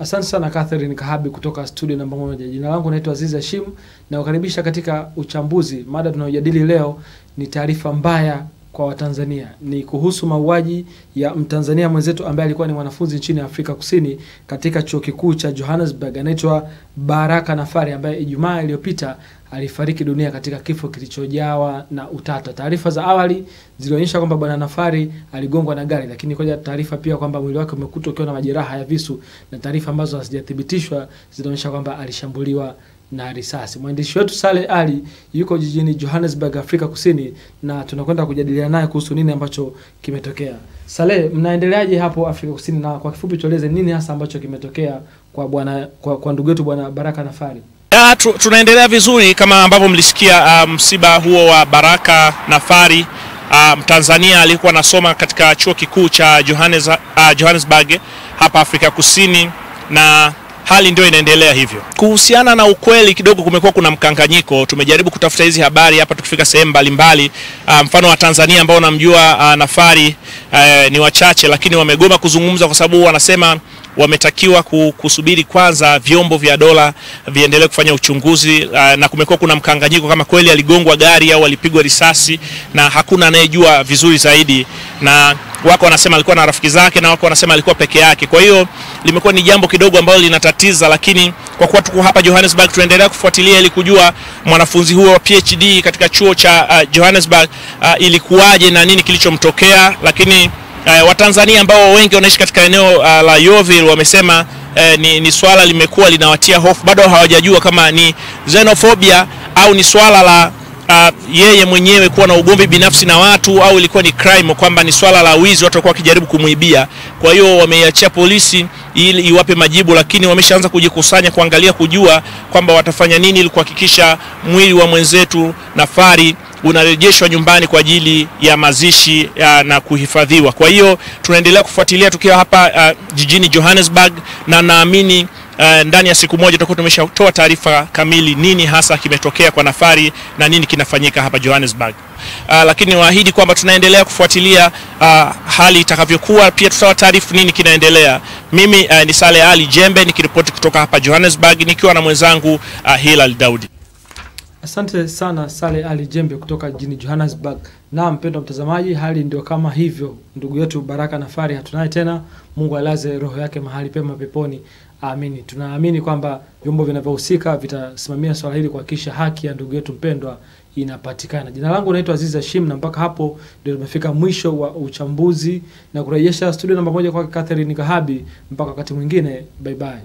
Asante sana Catherine Kahabi kutoka studio namba moja. Jina langu naitwa Aziz Hashim, nakukaribisha katika uchambuzi. Mada tunayojadili leo ni taarifa mbaya kwa Watanzania ni kuhusu mauaji ya Mtanzania mwenzetu ambaye alikuwa ni mwanafunzi nchini Afrika Kusini katika chuo kikuu cha Johannesburg, anaitwa Baraka Nafari ambaye Ijumaa iliyopita alifariki dunia katika kifo kilichojawa na utata. Taarifa za awali zilionyesha kwamba bwana Nafari aligongwa na gari, lakini koja taarifa pia kwamba mwili wake umekutwa ukiwa na majeraha ya visu, na taarifa ambazo hazijathibitishwa zinaonyesha kwamba alishambuliwa na risasi. Mwandishi wetu Sale Ali yuko jijini Johannesburg, Afrika Kusini, na tunakwenda kujadiliana naye kuhusu nini ambacho kimetokea. Sale, mnaendeleaje hapo Afrika Kusini, na kwa kifupi tueleze nini hasa ambacho kimetokea kwa bwana kwa, kwa ndugu yetu bwana Baraka Nafari? Ya, ah, tu, tunaendelea vizuri kama ambavyo mlisikia ah, msiba um, huo wa Baraka Nafari ah, Mtanzania um, alikuwa anasoma katika chuo kikuu cha Johannes, uh, Johannesburg hapa Afrika Kusini na hali ndio inaendelea hivyo. Kuhusiana na ukweli, kidogo kumekuwa kuna mkanganyiko. Tumejaribu kutafuta hizi habari hapa tukifika sehemu mbalimbali. Ah, mfano wa Tanzania ambao namjua ah, Nafari eh, ni wachache, lakini wamegoma kuzungumza kwa sababu wanasema wametakiwa kusubiri kwanza vyombo vya dola viendelee kufanya uchunguzi. Uh, na kumekuwa kuna mkanganyiko kama kweli aligongwa gari au alipigwa risasi, na hakuna anayejua vizuri zaidi na wako wanasema alikuwa na rafiki zake na wako wanasema alikuwa peke yake. Kwa hiyo limekuwa ni jambo kidogo ambalo linatatiza, lakini kwa kuwa tuko hapa Johannesburg tunaendelea kufuatilia ili kujua mwanafunzi huyo wa PhD katika chuo cha uh, Johannesburg uh, ilikuwaje na nini kilichomtokea, lakini uh, Watanzania ambao wengi wanaishi katika eneo uh, la yovil wamesema uh, ni, ni swala limekuwa linawatia hofu, bado hawajajua kama ni xenophobia au ni swala la Ah, yeye mwenyewe kuwa na ugomvi binafsi na watu au ilikuwa ni crime kwamba ni swala la wizi, watu walikuwa wakijaribu kumuibia. Kwa hiyo wameiachia polisi ili iwape majibu, lakini wameshaanza kujikusanya kuangalia, kujua kwamba watafanya nini ili kuhakikisha mwili wa mwenzetu Nafari unarejeshwa nyumbani kwa ajili ya mazishi ya na kuhifadhiwa. Kwa hiyo tunaendelea kufuatilia tukiwa hapa uh, jijini Johannesburg na naamini uh, ndani ya siku moja tutakuwa tumeshatoa taarifa kamili nini hasa kimetokea kwa Nafari na nini kinafanyika hapa Johannesburg. Uh, lakini niwaahidi kwamba tunaendelea kufuatilia uh, hali itakavyokuwa, pia taarifa nini kinaendelea. Mimi uh, ni Sale Ali Jembe nikiripoti kutoka hapa Johannesburg nikiwa na mwenzangu uh, Hilal Daudi. Asante sana Sale Ali Jembe kutoka jijini Johannesburg. Na mpendwa mtazamaji, hali ndio kama hivyo. Ndugu yetu Baraka Nafari hatunaye tena. Mungu alaze roho yake mahali pema peponi. Amini. Tunaamini kwamba vyombo vinavyohusika vitasimamia swala hili kuhakikisha haki ya ndugu yetu mpendwa inapatikana. Jina langu naitwa Aziz Hashim, na mpaka hapo ndio tumefika mwisho wa uchambuzi na kurejesha studio namba moja kwake Catherine Kahabi. Mpaka wakati mwingine, bye bye.